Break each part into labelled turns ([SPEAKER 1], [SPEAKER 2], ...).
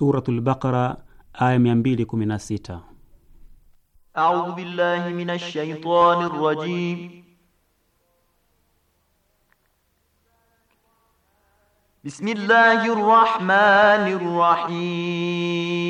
[SPEAKER 1] Suratul Baqara aya 216.
[SPEAKER 2] A'udhu billahi minash shaitanir rajim. Bismillahir rahmanir rahim.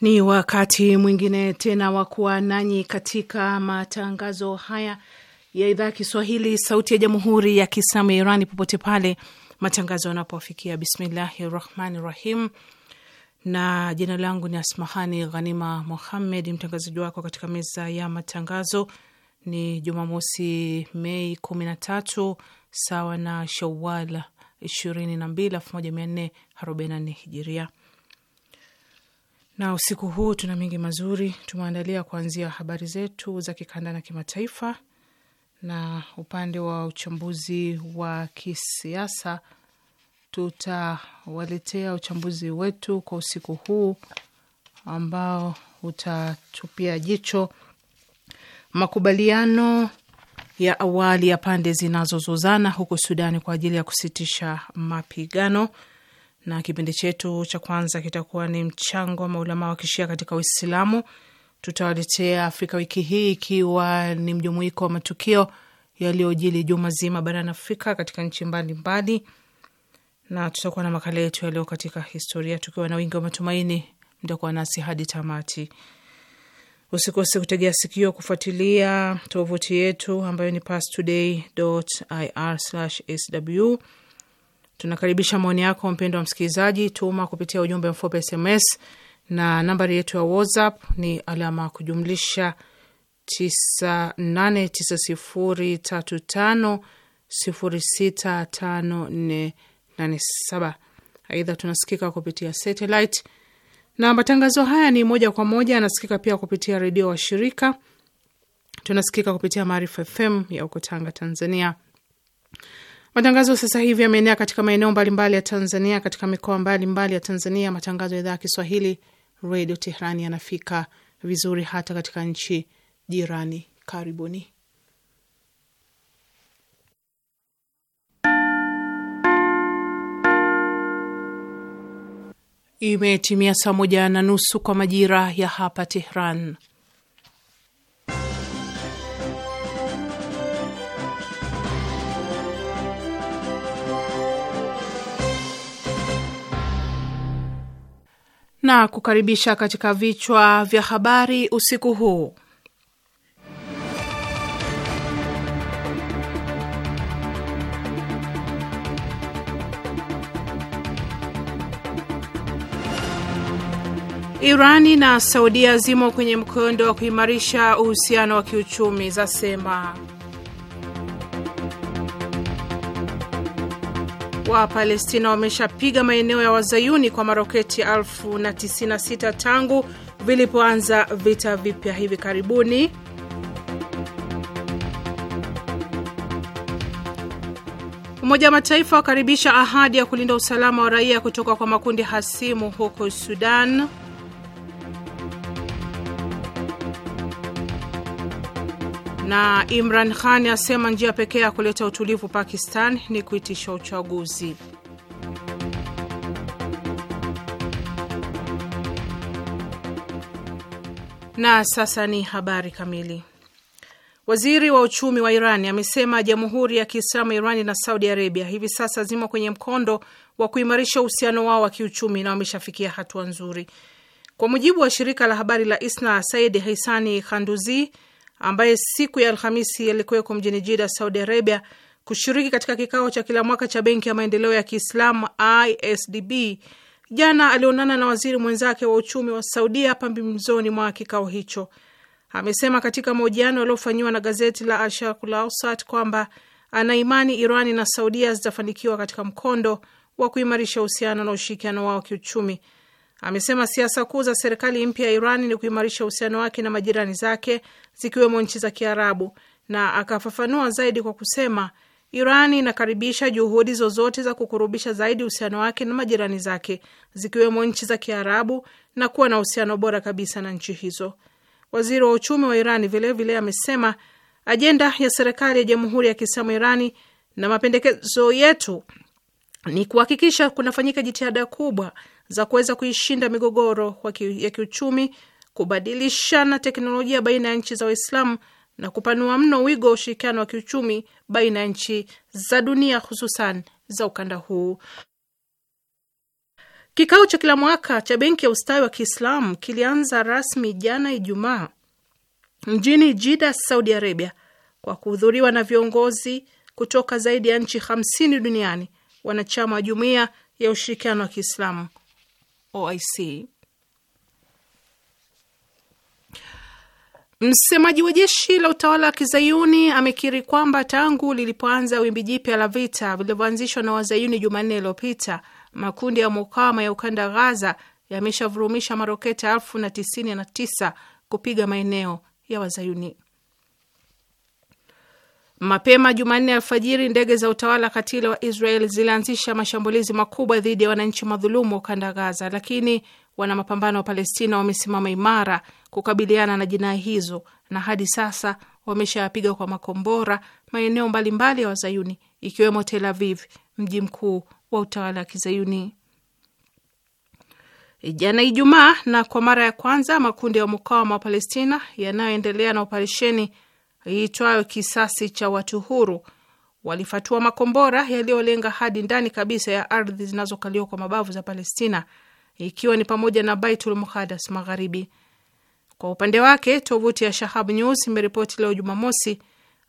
[SPEAKER 3] Ni wakati mwingine tena wa kuwa nanyi katika matangazo haya ya idhaa ya Kiswahili, Sauti ya Jamhuri ya Kiislamu ya Irani, popote pale matangazo yanapofikia. Bismillahi rahmani rahim, na jina langu ni Asmahani Ghanima muhammed mtangazaji wako katika meza ya matangazo. Ni Jumamosi, Mei kumi na tatu sawa na Shawal ishirini na mbili elfu moja mia nne arobaini na nne hijiria na usiku huu tuna mengi mazuri tumeandalia, kuanzia habari zetu za kikanda na kimataifa, na upande wa uchambuzi wa kisiasa tutawaletea uchambuzi wetu kwa usiku huu ambao utatupia jicho makubaliano ya awali ya pande zinazozozana huko Sudani kwa ajili ya kusitisha mapigano na kipindi chetu cha kwanza kitakuwa ni mchango wa maulama wa kishia katika Uislamu. Tutawaletea Afrika wiki hii, ikiwa ni mjumuiko wa matukio yaliyojili juma zima barani Afrika katika nchi mbalimbali, na tutakuwa na makala yetu yaliyo katika historia, tukiwa na wingi wa matumaini. Mtakuwa nasi hadi tamati. Usikose kutegea sikio kufuatilia tovuti yetu ambayo ni pastoday.ir/sw Tunakaribisha maoni yako mpendo wa msikilizaji, tuma kupitia ujumbe mfupi SMS na nambari yetu ya WhatsApp ni alama kujumlisha 989035065487. Aidha, tunasikika kupitia satellite na matangazo haya ni moja kwa moja anasikika pia kupitia redio wa shirika Tunasikika kupitia Maarifa FM ya uko Tanga, Tanzania. Matangazo sasa hivi yameenea katika maeneo mbalimbali ya Tanzania, katika mikoa mbalimbali ya Tanzania. Matangazo ya idhaa ya Kiswahili Redio Teherani yanafika vizuri hata katika nchi jirani. Karibuni. Imetimia saa moja na nusu kwa majira ya hapa Tehran. na kukaribisha katika vichwa vya habari usiku huu. Irani na Saudia zimo kwenye mkondo wa kuimarisha uhusiano wa kiuchumi zasema Wapalestina wameshapiga maeneo ya wazayuni kwa maroketi 1096 tangu vilipoanza vita vipya hivi karibuni. Umoja wa Mataifa wakaribisha ahadi ya kulinda usalama wa raia kutoka kwa makundi hasimu huko Sudan. na Imran Khan asema njia pekee ya kuleta utulivu Pakistan ni kuitisha uchaguzi. Na sasa ni habari kamili. Waziri wa uchumi wa Iran amesema Jamhuri ya Kiislamu Irani na Saudi Arabia hivi sasa zimo kwenye mkondo wa kuimarisha uhusiano wao wa kiuchumi na wameshafikia hatua nzuri. Kwa mujibu wa shirika la habari la ISNA, Said Haisani Khanduzi ambaye siku ya Alhamisi alikuweko mjini Jida, Saudi Arabia, kushiriki katika kikao cha kila mwaka cha Benki ya Maendeleo ya Kiislamu ISDB, jana alionana na waziri mwenzake wa uchumi wa Saudia hapa mwa kikao hicho. Amesema katika mahojiano yaliyofanyiwa na gazeti la al awsat kwamba anaimani Irani na Saudia zitafanikiwa katika mkondo wa kuimarisha uhusiano na ushirikiano wao kiuchumi amesema siasa kuu za serikali mpya ya Iran ni kuimarisha uhusiano wake na majirani zake zikiwemo nchi za Kiarabu, na akafafanua zaidi kwa kusema Iran inakaribisha juhudi zozote za kukurubisha zaidi uhusiano wake na majirani zake zikiwemo nchi za Kiarabu na kuwa na uhusiano bora kabisa na nchi hizo. Waziri wa uchumi wa iran vilevile amesema ajenda ya serikali ya Jamhuri ya Kiislamu Irani na mapendekezo yetu ni kuhakikisha kunafanyika jitihada kubwa za kuweza kuishinda migogoro ya kiuchumi, kubadilishana teknolojia baina ya nchi za Waislamu na kupanua mno wigo wa ushirikiano wa kiuchumi baina ya nchi za dunia, hususan za ukanda huu. Kikao cha kila mwaka cha Benki ya Ustawi wa Kiislamu kilianza rasmi jana Ijumaa mjini Jida, Saudi Arabia, kwa kuhudhuriwa na viongozi kutoka zaidi ya nchi 50 duniani wanachama wa Jumuiya ya Ushirikiano wa Kiislamu OIC. Oh, Msemaji wa jeshi la utawala wa kizayuni amekiri kwamba tangu lilipoanza wimbi jipya la vita vilivyoanzishwa na wazayuni Jumanne iliyopita makundi ya mukawama ya ukanda Ghaza yameshavurumisha maroketa elfu na tisini na tisa kupiga maeneo ya wazayuni. Mapema Jumanne alfajiri ndege za utawala katili wa Israel zilianzisha mashambulizi makubwa dhidi ya wananchi madhulumu wa ukanda Gaza, lakini wana mapambano wa Palestina wamesimama imara kukabiliana na jinai hizo, na hadi sasa wameshayapiga kwa makombora maeneo mbalimbali ya Wazayuni ikiwemo Tel Aviv, mji mkuu wa utawala wa Kizayuni. Jana Ijumaa, na kwa mara ya kwanza makundi ya mukawama wa Palestina yanayoendelea na operesheni iitwayo Kisasi cha Watu Huru walifatua makombora yaliyolenga hadi ndani kabisa ya ardhi zinazokaliwa kwa mabavu za Palestina, ikiwa ni pamoja na Baitul Muqaddas Magharibi. Kwa upande wake, tovuti ya Shahab News imeripoti leo Jumamosi,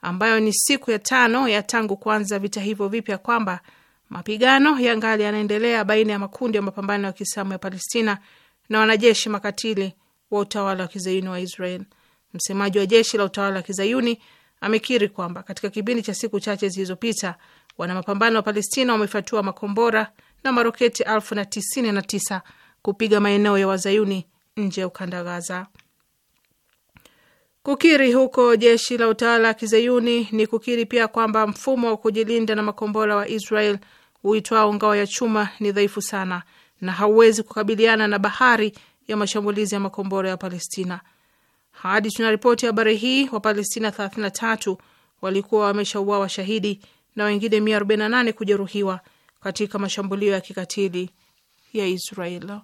[SPEAKER 3] ambayo ni siku ya tano ya tangu kuanza vita hivyo vipya, kwamba mapigano ya ngali yanaendelea baina ya makundi ya mapambano ya Kiislamu ya Palestina na wanajeshi makatili wa utawala wa kizayuni wa Israel. Msemaji wa jeshi la utawala wa kizayuni amekiri kwamba katika kipindi cha siku chache zilizopita wana mapambano wa Palestina wamefatua makombora na maroketi elfu na tisini na tisa kupiga maeneo ya wazayuni nje ya ukanda Gaza. Kukiri huko jeshi la utawala wa kizayuni ni kukiri pia kwamba mfumo wa kujilinda na makombora wa Israel uitwao ngao ya chuma ni dhaifu sana na hauwezi kukabiliana na bahari ya mashambulizi ya makombora ya Palestina. Hadi tunaripoti habari hii, Wapalestina 33 walikuwa wameshauawa shahidi na wengine 148 kujeruhiwa katika mashambulio ya kikatili ya Israel.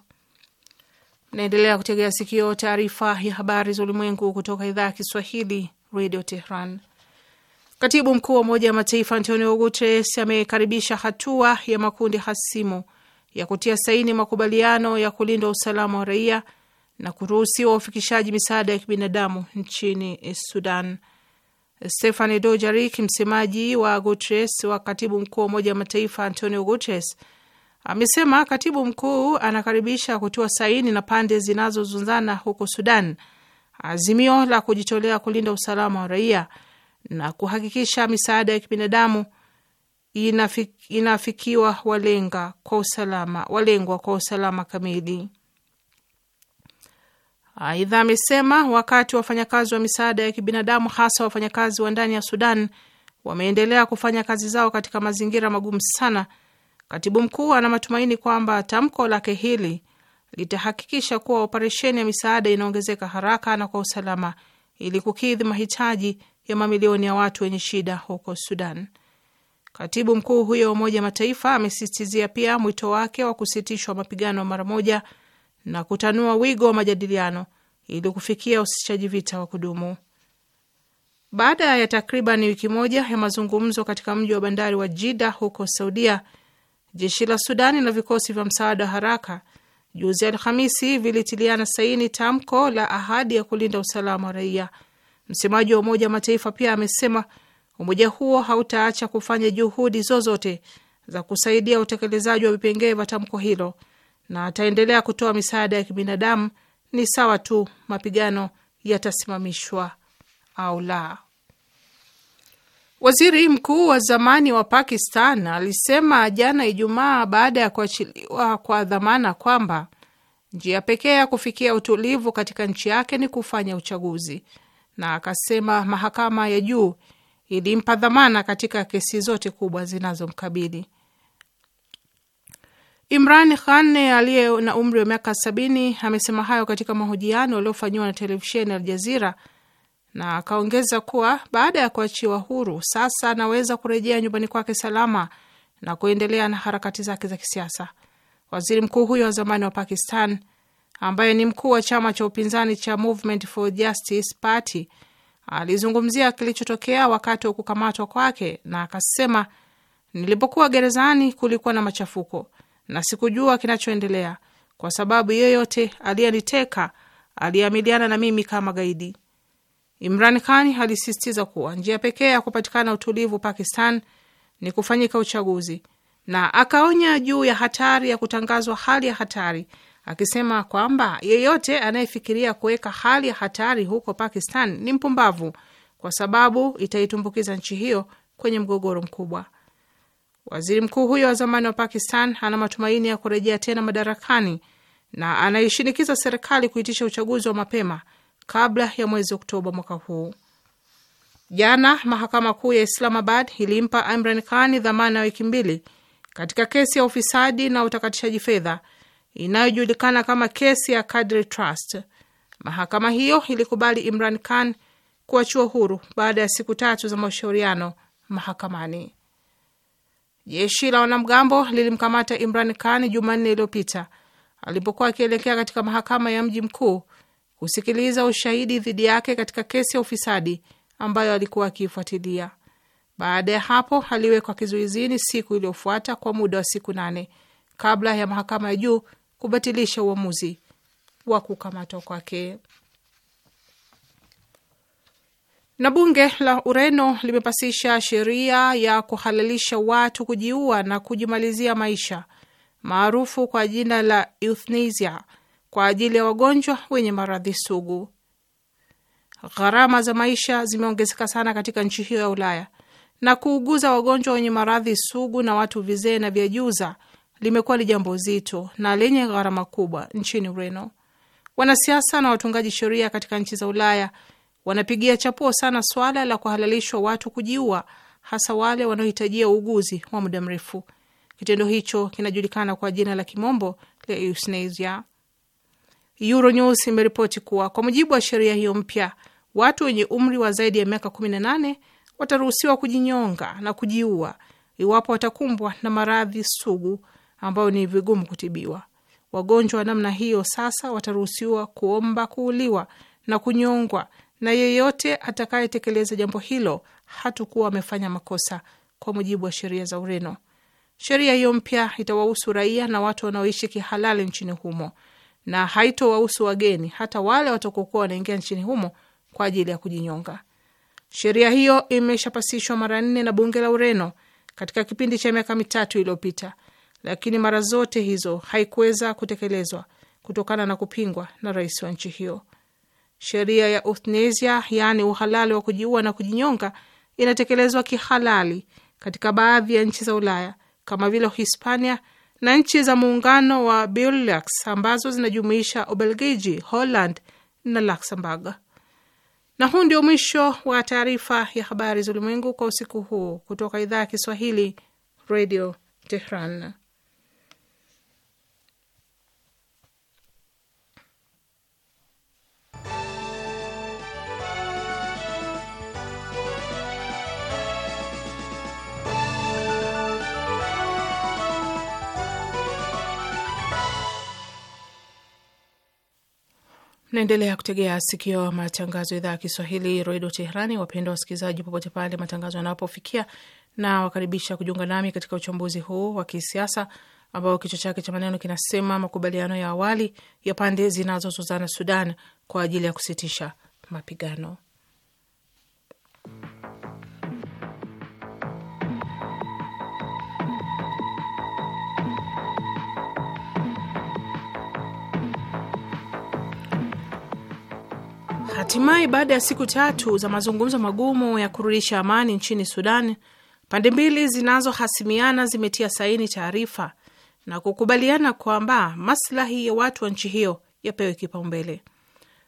[SPEAKER 3] Naendelea kutegea sikio taarifa ya habari za ulimwengu kutoka idhaa ya Kiswahili, Radio Tehran. Katibu mkuu wa Umoja wa Mataifa Antonio Guterres amekaribisha hatua ya makundi hasimu ya kutia saini makubaliano ya kulinda usalama wa raia na kuruhusiwa ufikishaji misaada ya kibinadamu nchini Sudan. Stephane Dojarik, msemaji wa Guterres wa katibu mkuu wa Umoja wa Mataifa Antonio Guterres, amesema katibu mkuu anakaribisha kutoa saini na pande zinazozunzana huko Sudan azimio la kujitolea kulinda usalama wa raia na kuhakikisha misaada ya kibinadamu inafikiwa walenga kwa usalama, walengwa kwa usalama kamili. Aidha amesema wakati wafanyakazi wa misaada ya kibinadamu hasa wafanyakazi wa ndani ya Sudan wameendelea kufanya kazi zao katika mazingira magumu sana, katibu mkuu ana matumaini kwamba tamko lake hili litahakikisha kuwa operesheni ya misaada inaongezeka haraka na kwa usalama ili kukidhi mahitaji ya mamilioni ya watu wenye shida huko Sudan. Katibu mkuu huyo wa Umoja Mataifa amesisitizia pia mwito wake wa kusitishwa mapigano mara moja na kutanua wigo wa majadiliano ili kufikia usitishaji vita wa kudumu. Baada ya takriban wiki moja ya mazungumzo katika mji wa bandari wa Jida huko Saudia, jeshi la Sudani na vikosi vya msaada wa haraka juzi Alhamisi vilitiliana saini tamko la ahadi ya kulinda usalama wa raia. Msemaji wa Umoja wa Mataifa pia amesema umoja huo hautaacha kufanya juhudi zozote za kusaidia utekelezaji wa vipengee vya tamko hilo na ataendelea kutoa misaada ya kibinadamu, ni sawa tu mapigano yatasimamishwa au la. Waziri mkuu wa zamani wa Pakistan alisema jana Ijumaa baada ya kuachiliwa kwa dhamana kwamba njia pekee ya kufikia utulivu katika nchi yake ni kufanya uchaguzi, na akasema mahakama ya juu ilimpa dhamana katika kesi zote kubwa zinazomkabili. Imran Khan aliye na umri wa miaka sabini amesema hayo katika mahojiano yaliyofanyiwa na televisheni Al Jazira na akaongeza kuwa baada ya kuachiwa huru sasa anaweza kurejea nyumbani kwake salama na kuendelea na harakati zake za kisiasa. Waziri mkuu huyo wa zamani wa Pakistan ambaye ni mkuu wa chama cha upinzani cha Movement for Justice Party alizungumzia kilichotokea wakati wa kukamatwa kwake na akasema, nilipokuwa gerezani kulikuwa na machafuko na sikujua kinachoendelea, kwa sababu yeyote aliyeniteka aliyeamiliana na mimi kama gaidi. Imran Khan alisisitiza kuwa njia pekee ya kupatikana utulivu Pakistan ni kufanyika uchaguzi, na akaonya juu ya hatari ya kutangazwa hali ya hatari, akisema kwamba yeyote anayefikiria kuweka hali ya hatari huko Pakistan ni mpumbavu, kwa sababu itaitumbukiza nchi hiyo kwenye mgogoro mkubwa. Waziri mkuu huyo wa zamani wa Pakistan ana matumaini ya kurejea tena madarakani na anaishinikiza serikali kuitisha uchaguzi wa mapema kabla ya mwezi Oktoba mwaka huu. Jana mahakama kuu ya Islamabad ilimpa Imran Khan dhamana ya wiki mbili katika kesi ya ufisadi na utakatishaji fedha inayojulikana kama kesi ya Kadri Trust. Mahakama hiyo ilikubali Imran Khan kuachiwa huru baada ya siku tatu za mashauriano mahakamani. Jeshi la wanamgambo lilimkamata Imran Khan Jumanne iliyopita alipokuwa akielekea katika mahakama ya mji mkuu kusikiliza ushahidi dhidi yake katika kesi ya ufisadi ambayo alikuwa akiifuatilia. Baada ya hapo, aliwekwa kizuizini siku iliyofuata kwa muda wa siku nane kabla ya mahakama ya juu kubatilisha uamuzi wa kukamatwa kwake. Na bunge la Ureno limepasisha sheria ya kuhalalisha watu kujiua na kujimalizia maisha maarufu kwa jina la euthanasia kwa ajili ya wagonjwa wenye maradhi sugu. Gharama za maisha zimeongezeka sana katika nchi hiyo ya Ulaya na kuuguza wagonjwa wenye maradhi sugu na watu vizee na vyajuza limekuwa ni jambo zito na lenye gharama kubwa nchini Ureno. Wanasiasa na watungaji sheria katika nchi za Ulaya wanapigia chapuo sana swala la kuhalalishwa watu kujiua, hasa wale wanaohitajia uuguzi wa muda mrefu. Kitendo hicho kinajulikana kwa jina la kimombo la euthanasia. Euronews imeripoti kuwa kwa mujibu wa sheria hiyo mpya, watu wenye umri wa zaidi ya miaka 18 wataruhusiwa kujinyonga na kujiua iwapo watakumbwa na maradhi sugu ambayo ni vigumu kutibiwa. Wagonjwa wa namna hiyo sasa wataruhusiwa kuomba kuuliwa na kunyongwa na yeyote atakayetekeleza jambo hilo hatukuwa amefanya makosa kwa mujibu wa sheria za Ureno. Sheria hiyo mpya itawahusu raia na watu wanaoishi kihalali nchini humo na haitowahusu wageni, hata wale watakokuwa wanaingia nchini humo kwa ajili ya kujinyonga. Sheria hiyo imeshapasishwa mara nne na bunge la Ureno katika kipindi cha miaka mitatu iliyopita, lakini mara zote hizo haikuweza kutekelezwa kutokana na kupingwa na rais wa nchi hiyo. Sheria ya euthanasia, yaani uhalali wa kujiua na kujinyonga, inatekelezwa kihalali katika baadhi ya nchi za Ulaya kama vile Hispania na nchi za muungano wa Benelux ambazo zinajumuisha Ubelgiji, Holland na Luxembourg. Na huu ndio mwisho wa taarifa ya habari za ulimwengu kwa usiku huu kutoka idhaa ya Kiswahili, Radio Tehran. Naendelea kutegea sikio matangazo idhaa ya Kiswahili redio Teherani. Wapendwa wasikilizaji, popote pale matangazo yanapofikia, na wakaribisha kujiunga nami katika uchambuzi huu wa kisiasa ambao kichwa chake cha maneno kinasema makubaliano ya awali ya pande zinazozozana Sudan kwa ajili ya kusitisha mapigano. Hatimaye, baada ya siku tatu za mazungumzo magumu ya kurudisha amani nchini Sudan, pande mbili zinazohasimiana zimetia saini taarifa na kukubaliana kwamba maslahi ya watu wa nchi hiyo yapewe kipaumbele.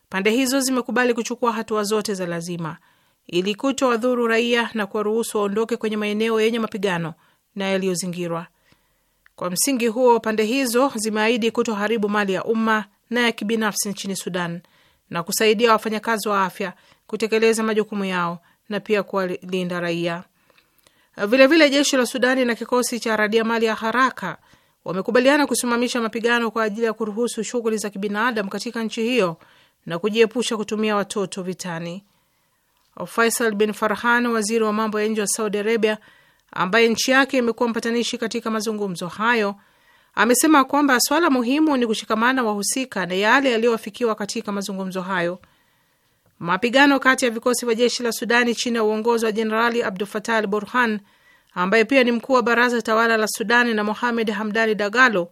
[SPEAKER 3] Pande hizo zimekubali kuchukua hatua zote za lazima ili kuto wadhuru raia na kuwaruhusu waondoke kwenye maeneo yenye mapigano na yaliyozingirwa. Kwa msingi huo, pande hizo zimeahidi kutoharibu mali ya umma na ya kibinafsi nchini Sudan na kusaidia wafanyakazi wa afya kutekeleza majukumu yao na pia kuwalinda raia. Vilevile, jeshi la Sudani na kikosi cha radia mali ya haraka wamekubaliana kusimamisha mapigano kwa ajili ya kuruhusu shughuli za kibinadamu katika nchi hiyo na kujiepusha kutumia watoto vitani. Faisal bin Farhan, waziri wa mambo ya nje wa Saudi Arabia, ambaye nchi yake imekuwa mpatanishi katika mazungumzo hayo, amesema kwamba swala muhimu ni kushikamana wahusika na yale yaliyoafikiwa katika mazungumzo hayo. Mapigano kati ya vikosi vya jeshi la Sudani chini ya uongozi wa Jenerali Abdul Fatah al Burhan, ambaye pia ni mkuu wa baraza tawala la Sudani, na Mohamed Hamdani Dagalo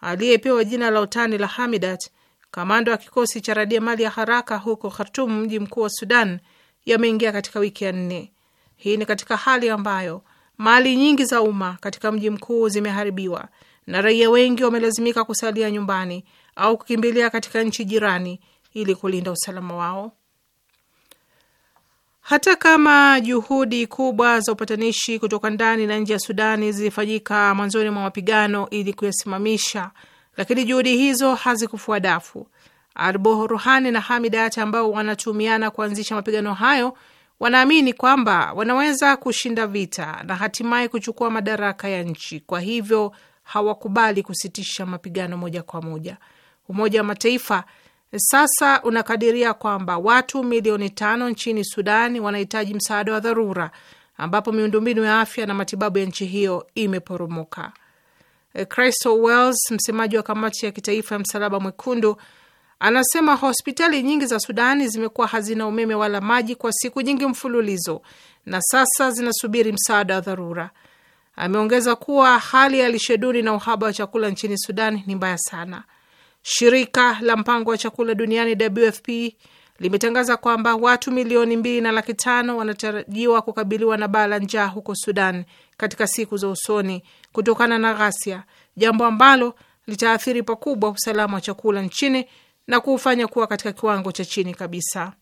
[SPEAKER 3] aliyepewa jina la utani la Hamidat, kamanda wa kikosi cha radia mali ya haraka huko Khartum, mji mkuu wa Sudan, yameingia katika wiki ya nne. Hii ni katika hali ambayo mali nyingi za umma katika mji mkuu zimeharibiwa na raia wengi wamelazimika kusalia nyumbani au kukimbilia katika nchi jirani ili kulinda usalama wao. Hata kama juhudi kubwa za upatanishi kutoka ndani na nje ya Sudani zilifanyika mwanzoni mwa mapigano ili kuyasimamisha, lakini juhudi hizo hazikufua dafu. Arbo Ruhani na Hamidat ambao wanatumiana kuanzisha mapigano hayo wanaamini kwamba wanaweza kushinda vita na hatimaye kuchukua madaraka ya nchi. Kwa hivyo hawakubali kusitisha mapigano moja kwa moja. Umoja wa Mataifa sasa unakadiria kwamba watu milioni tano nchini Sudan wanahitaji msaada wa dharura, ambapo miundombinu ya afya na matibabu ya nchi hiyo imeporomoka. Crystal Wells, msemaji wa kamati ya kitaifa ya Msalaba Mwekundu, anasema hospitali nyingi za Sudani zimekuwa hazina umeme wala maji kwa siku nyingi mfululizo na sasa zinasubiri msaada wa dharura. Ameongeza kuwa hali ya lishe duni na uhaba wa chakula nchini Sudan ni mbaya sana. Shirika la mpango wa chakula duniani WFP limetangaza kwamba watu milioni mbili na laki tano wanatarajiwa kukabiliwa na baa la njaa huko Sudan katika siku za usoni kutokana na ghasia, jambo ambalo litaathiri pakubwa usalama wa chakula nchini na kuufanya kuwa katika kiwango cha chini kabisa.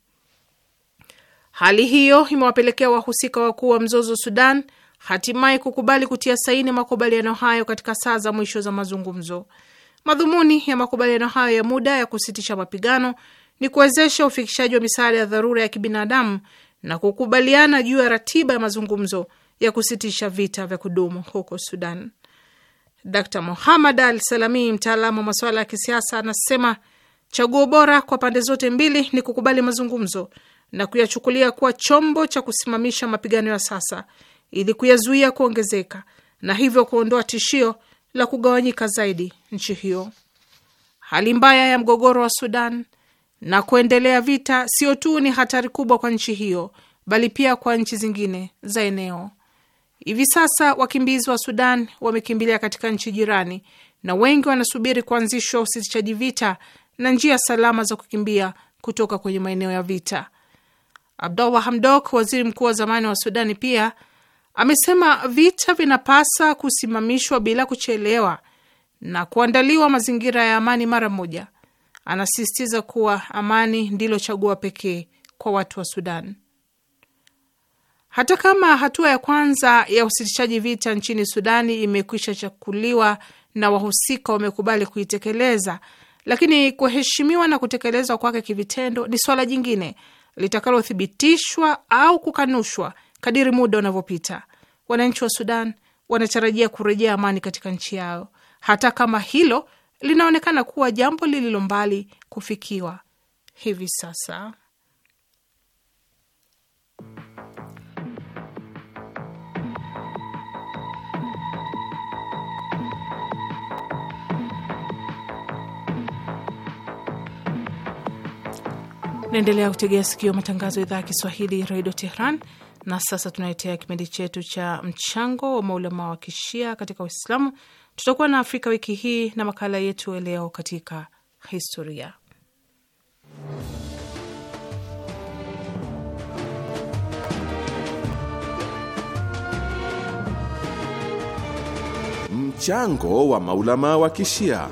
[SPEAKER 3] Hali hiyo imewapelekea wahusika wakuu wa mzozo Sudan hatimaye kukubali kutia saini makubaliano hayo katika saa za mwisho za mazungumzo. Madhumuni ya makubaliano hayo ya muda ya kusitisha mapigano ni kuwezesha ufikishaji wa misaada ya dharura ya kibinadamu na kukubaliana juu ya ratiba ya mazungumzo ya kusitisha vita vya kudumu huko Sudan. Dr Mohamad Al Salami, mtaalamu wa masuala ya kisiasa, anasema chaguo bora kwa pande zote mbili ni kukubali mazungumzo na kuyachukulia kuwa chombo cha kusimamisha mapigano ya sasa ili kuyazuia kuongezeka na hivyo kuondoa tishio la kugawanyika zaidi nchi hiyo. Hali mbaya ya mgogoro wa Sudan na kuendelea vita sio tu ni hatari kubwa kwa nchi hiyo, bali pia kwa nchi zingine za eneo. Hivi sasa wakimbizi wa Sudan wamekimbilia katika nchi jirani na wengi wanasubiri kuanzishwa usitishaji vita na njia salama za kukimbia kutoka kwenye maeneo ya vita. Abdullah Hamdok, waziri mkuu wa zamani wa Sudani, pia amesema vita vinapasa kusimamishwa bila kuchelewa na kuandaliwa mazingira ya amani mara moja. Anasisitiza kuwa amani ndilo chaguo pekee kwa watu wa Sudan. Hata kama hatua ya kwanza ya usitishaji vita nchini Sudani imekwisha chakuliwa na wahusika wamekubali kuitekeleza, lakini kuheshimiwa na kutekelezwa kwake kivitendo ni swala jingine litakalothibitishwa au kukanushwa Kadiri muda unavyopita, wananchi wa Sudan wanatarajia kurejea amani katika nchi yao, hata kama hilo linaonekana kuwa jambo lililo mbali kufikiwa hivi sasa. Naendelea kutegea sikio matangazo ya idhaa ya Kiswahili, Redio Tehran. Na sasa tunaletea kipindi chetu cha mchango wa maulama wa kishia katika Uislamu. Tutakuwa na Afrika wiki hii na makala yetu leo katika historia.
[SPEAKER 4] Mchango wa maulama wa kishia.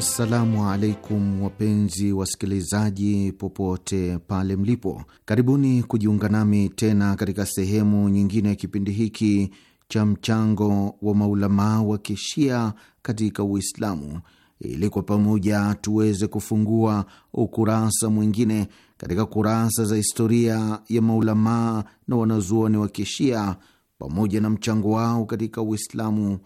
[SPEAKER 4] Assalamu
[SPEAKER 5] alaikum wapenzi wasikilizaji, popote pale mlipo, karibuni kujiunga nami tena katika sehemu nyingine ya kipindi hiki cha mchango wa maulamaa wa kishia katika Uislamu, ili kwa pamoja tuweze kufungua ukurasa mwingine katika kurasa za historia ya maulamaa na wanazuoni wa kishia pamoja na mchango wao katika Uislamu,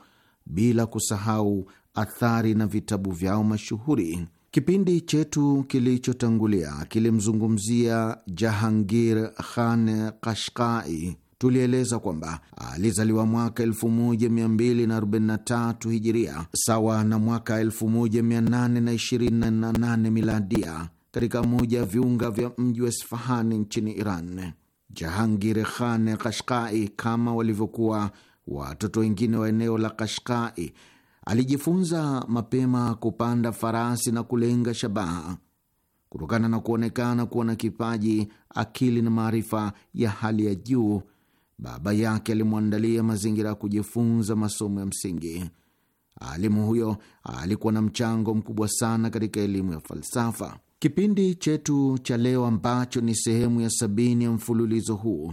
[SPEAKER 5] bila kusahau athari na vitabu vyao mashuhuri. Kipindi chetu kilichotangulia kilimzungumzia Jahangir Khan Kashkai. Tulieleza kwamba alizaliwa mwaka 1243 hijiria sawa na mwaka 1828 miladia katika moja ya viunga vya mji wa Sfahani nchini Iran. Jahangir Khan Kashkai, kama walivyokuwa watoto wengine wa eneo la Kashkai, alijifunza mapema kupanda farasi na kulenga shabaha. Kutokana na kuonekana kuwa na kipaji, akili na maarifa ya hali ya juu, baba yake alimwandalia mazingira ya kujifunza masomo ya msingi. Alimu huyo alikuwa na mchango mkubwa sana katika elimu ya falsafa. Kipindi chetu cha leo ambacho ni sehemu ya sabini ya mfululizo huu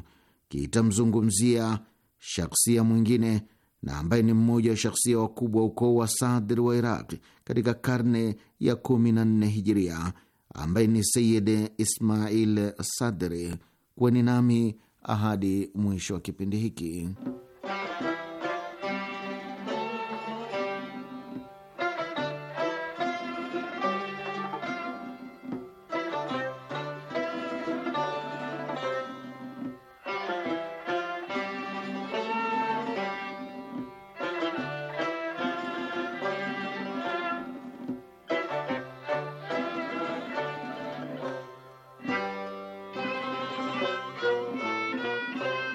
[SPEAKER 5] kitamzungumzia shakhsia mwingine na ambaye ni mmoja wa shakhsia wakubwa ukoo wa Sadr wa Iraq katika karne ya 14 Hijiria, ambaye ni Sayid Ismail Sadri. Kuweni nami ahadi mwisho wa kipindi hiki.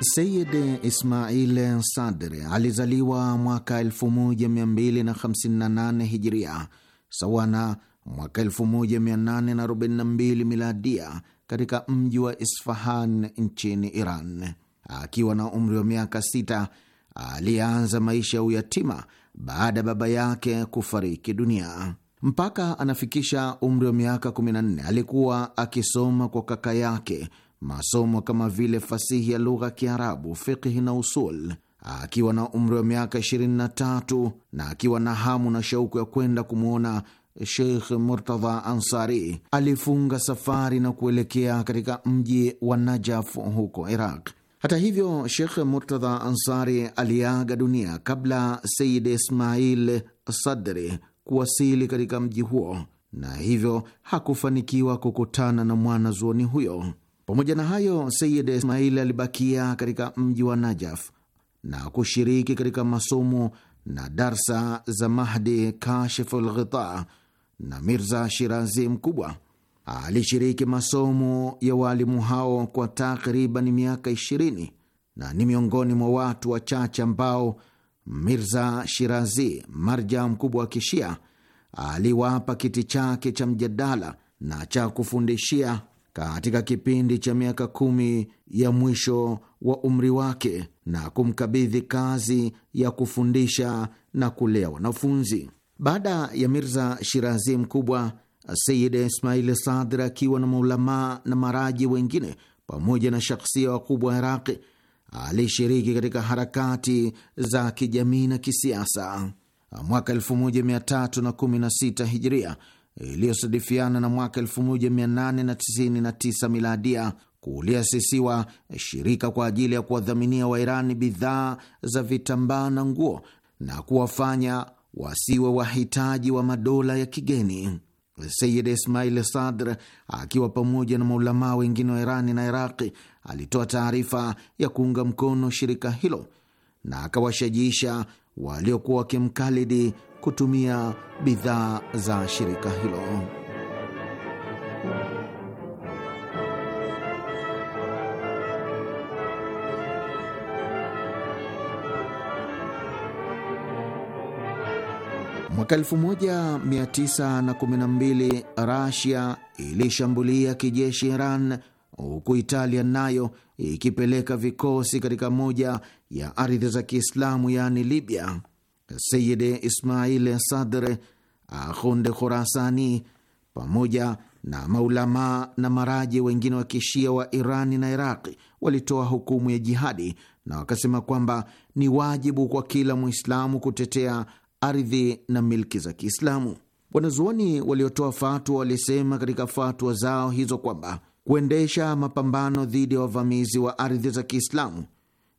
[SPEAKER 5] Seyid Ismail sadr alizaliwa mwaka 1258 Hijria, sawa na mwaka 1842 Miladia, katika mji wa Isfahan nchini Iran. Akiwa na umri wa miaka sita alianza maisha ya uyatima baada ya baba yake kufariki dunia. Mpaka anafikisha umri wa miaka 14 alikuwa akisoma kwa kaka yake masomo kama vile fasihi ya lugha ya Kiarabu, fiqhi na usul. Akiwa na umri wa miaka 23 na akiwa na hamu na shauku ya kwenda kumwona Sheikh Murtadha Ansari, alifunga safari na kuelekea katika mji wa Najaf huko Iraq. Hata hivyo, Sheikh Murtadha Ansari aliaga dunia kabla Sayid Ismail Sadri kuwasili katika mji huo, na hivyo hakufanikiwa kukutana na mwanazuoni huyo. Pamoja na hayo, Sayid Ismail alibakia katika mji wa Najaf na kushiriki katika masomo na darsa za Mahdi Kashiful Ghita na Mirza Shirazi Mkubwa. Alishiriki masomo ya waalimu hao kwa takriban miaka 20 na ni miongoni mwa watu wachache ambao Mirza Shirazi, marja mkubwa wa Kishia, aliwapa kiti chake cha mjadala na cha kufundishia katika kipindi cha miaka kumi ya mwisho wa umri wake na kumkabidhi kazi ya kufundisha na kulea wanafunzi. Baada ya Mirza Shirazi mkubwa, Sayid Ismail Sadr akiwa na maulamaa na maraji wengine pamoja na shakhsia wakubwa wa Iraqi alishiriki katika harakati za kijamii na kisiasa. Mwaka 1316 Hijria iliyosadifiana na mwaka 1899 miladia kuliasisiwa shirika kwa ajili ya kuwadhaminia Wairani bidhaa za vitambaa na nguo na kuwafanya wasiwe wahitaji wa madola ya kigeni. Sayid Ismail Sadr akiwa pamoja na maulamaa wengine wa Irani na Iraqi alitoa taarifa ya kuunga mkono shirika hilo na akawashajiisha waliokuwa wakimkalidi kutumia bidhaa za shirika hilo. Mwaka 1912 Rasia ilishambulia kijeshi Iran huku Italia nayo ikipeleka vikosi katika moja ya ardhi za Kiislamu yaani Libya. Sayid Ismail Sadr Ahunde Khorasani pamoja na maulamaa na maraji wengine wa kishia wa Irani na Iraqi walitoa hukumu ya jihadi na wakasema kwamba ni wajibu kwa kila Mwislamu kutetea ardhi na milki za Kiislamu. Wanazuoni waliotoa fatwa walisema katika fatwa zao hizo kwamba Kuendesha mapambano dhidi ya wavamizi wa ardhi za Kiislamu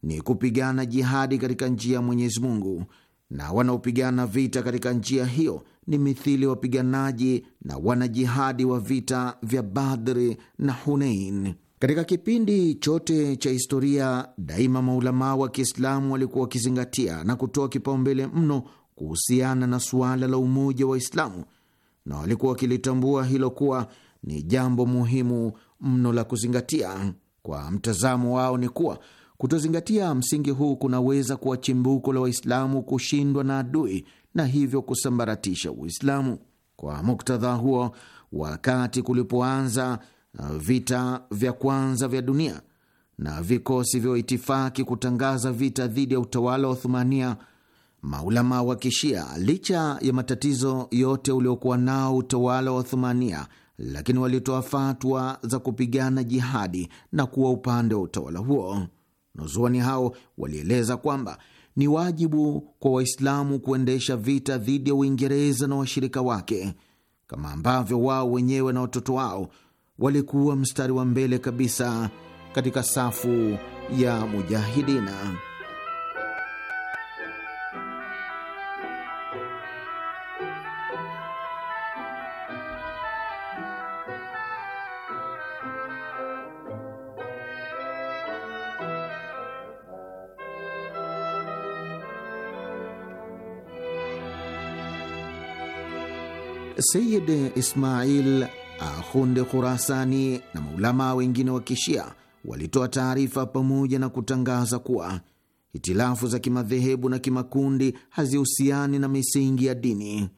[SPEAKER 5] ni kupigana jihadi katika njia ya Mwenyezi Mungu, na wanaopigana vita katika njia hiyo ni mithili wapiganaji na wanajihadi wa vita vya Badri na Hunein. Katika kipindi chote cha historia, daima maulamaa wa Kiislamu walikuwa wakizingatia na kutoa kipaumbele mno kuhusiana na suala la umoja wa Islamu, na walikuwa wakilitambua hilo kuwa ni jambo muhimu mno la kuzingatia. Kwa mtazamo wao ni kuwa kutozingatia msingi huu kunaweza kuwa chimbuko la Waislamu kushindwa na adui na hivyo kusambaratisha Uislamu. Kwa muktadha huo, wakati kulipoanza uh, vita vya kwanza vya dunia na vikosi vya Itifaki kutangaza vita dhidi ya utawala wa Uthumania, maulama wa Kishia, licha ya matatizo yote uliokuwa nao utawala wa Uthumania lakini walitoa fatwa za kupigana jihadi na kuwa upande wa utawala huo. Wanazuoni hao walieleza kwamba ni wajibu kwa Waislamu kuendesha vita dhidi ya Uingereza na washirika wake kama ambavyo wao wenyewe na watoto wao walikuwa mstari wa mbele kabisa katika safu ya mujahidina. Sayid Ismail Ahunde Khurasani na maulamaa wengine wa kishia walitoa taarifa pamoja na kutangaza kuwa hitilafu za kimadhehebu na kimakundi hazihusiani na misingi ya dini.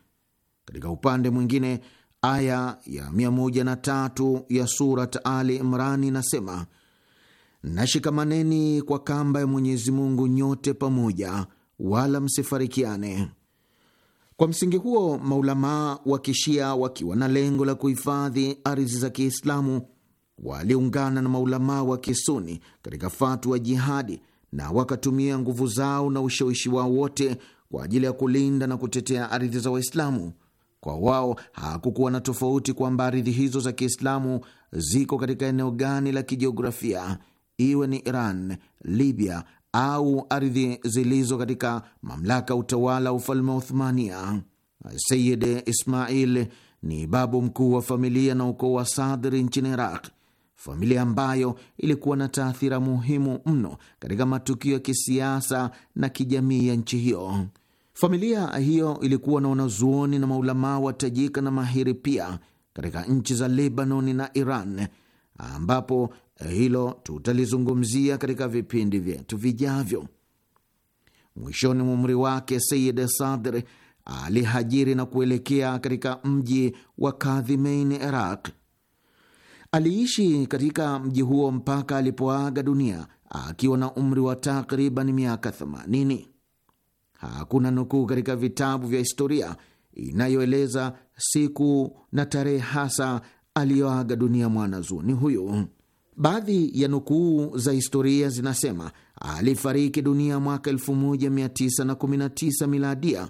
[SPEAKER 5] Katika upande mwingine, aya ya 103 ya Surat Ali Imrani inasema nashikamaneni kwa kamba ya Mwenyezi Mungu nyote pamoja, wala msifarikiane. Kwa msingi huo, maulamaa wa Kishia wakiwa na lengo la kuhifadhi ardhi za Kiislamu waliungana na maulamaa wa Kisuni katika fatwa jihadi na wakatumia nguvu zao na ushawishi wao wote kwa ajili ya kulinda na kutetea ardhi za Waislamu. Kwa wao hakukuwa na tofauti kwamba ardhi hizo za Kiislamu ziko katika eneo gani la kijiografia, iwe ni Iran, Libya au ardhi zilizo katika mamlaka ya utawala wa ufalme wa Uthmania. Sayid Ismail ni babu mkuu wa familia na ukoo wa Sadri nchini Iraq, familia ambayo ilikuwa na taathira muhimu mno katika matukio ya kisiasa na kijamii ya nchi hiyo. Familia hiyo ilikuwa na wanazuoni na maulamaa watajika na mahiri pia katika nchi za Lebanoni na Iran, ambapo hilo tutalizungumzia katika vipindi vyetu vijavyo. Mwishoni mwa umri wake, Sayid Sadr alihajiri na kuelekea katika mji wa Kadhimain, Iraq. Aliishi katika mji huo mpaka alipoaga dunia akiwa na umri wa takriban miaka 80. Hakuna nukuu katika vitabu vya historia inayoeleza siku na tarehe hasa aliyoaga dunia mwanazuni huyu. Baadhi ya nukuu za historia zinasema alifariki dunia mwaka 1919 miladia,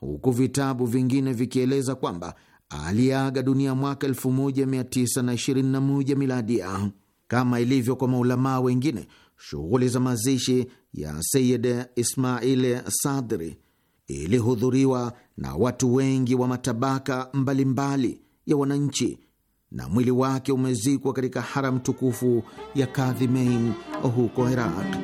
[SPEAKER 5] huku vitabu vingine vikieleza kwamba aliaga dunia mwaka 1921 miladia. Kama ilivyo kwa maulamaa wengine, shughuli za mazishi ya Sayid Ismail Sadri ilihudhuriwa na watu wengi wa matabaka mbalimbali mbali ya wananchi na mwili wake umezikwa katika haram tukufu ya Kadhimain huko Iraq.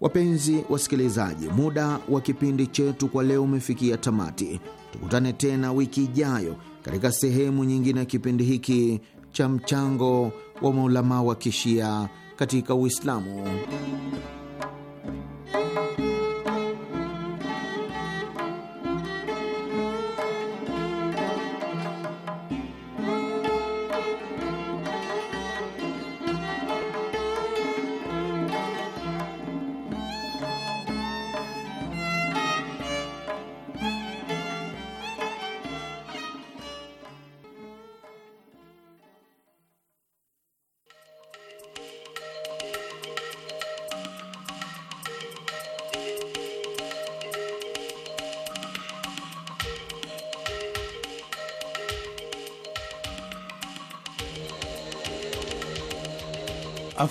[SPEAKER 5] Wapenzi wasikilizaji, muda wa kipindi chetu kwa leo umefikia tamati. Tukutane tena wiki ijayo katika sehemu nyingine ya kipindi hiki cha mchango wa maulamaa wa kishia katika Uislamu.